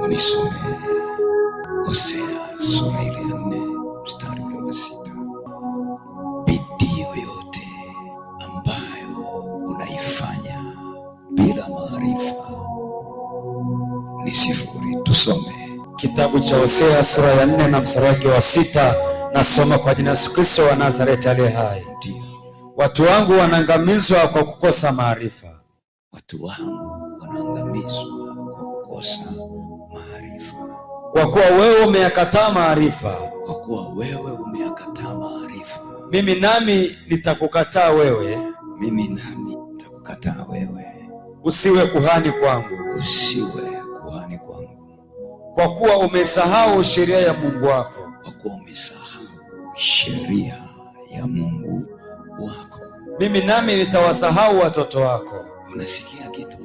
unisamehe. Hosea sura ile ya nne mstari ule wa sita. Bidii yoyote ambayo unaifanya bila maarifa ni sifuri. Tusome kitabu cha Hosea sura ya nne na mstari wake wa sita. Nasoma kwa jina Yesu Kristo wa Nazareti aliye hai. Ndio watu wangu wanaangamizwa kwa kukosa maarifa, watu wangu wanaangamizwa kukosa maarifa, kwa kuwa wewe umeyakataa maarifa. Kwa kuwa wewe umeyakataa maarifa, mimi nami nitakukataa wewe, mimi nami nitakukataa wewe, usiwe kuhani kwangu, usiwe kuhani kwangu. Kwa kuwa umesahau sheria ya Mungu wako, kwa kuwa umesahau sheria ya Mungu wako, mimi nami nitawasahau watoto wako. Unasikia kitu?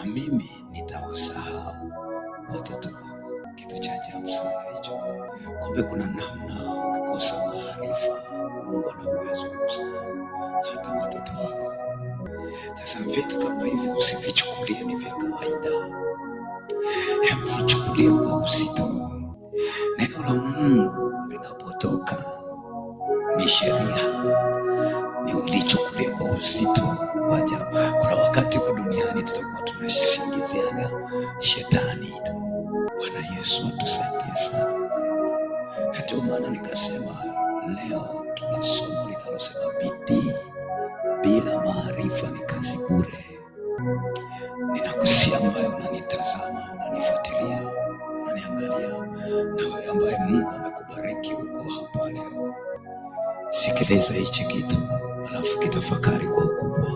na mimi nitawasahau watoto wako. Kitu cha ajabu sana hicho. Kumbe kuna namna, ukikosa maarifa, Mungu ana uwezo wa kusahau hata watoto wako. Sasa vitu kama hivyo usivichukulie ni vya kawaida, vichukulie kwa uzito. Neno la Mungu linapotoka ni sheria uzito wa jambo. Kuna wakati huku duniani tutakuwa tunashingiziana shetani tu. Bwana Yesu atusaidie sana, na ndio maana nikasema leo tuna somo linalosema bidii bila maarifa ni kazi bure. Ninakusia ambayo unanitazama, unanifuatilia, unaniangalia, na wewe ambaye Mungu amekubariki huko hapa leo, sikiliza hichi kitu. Alafu kitafakari kwa ukubwa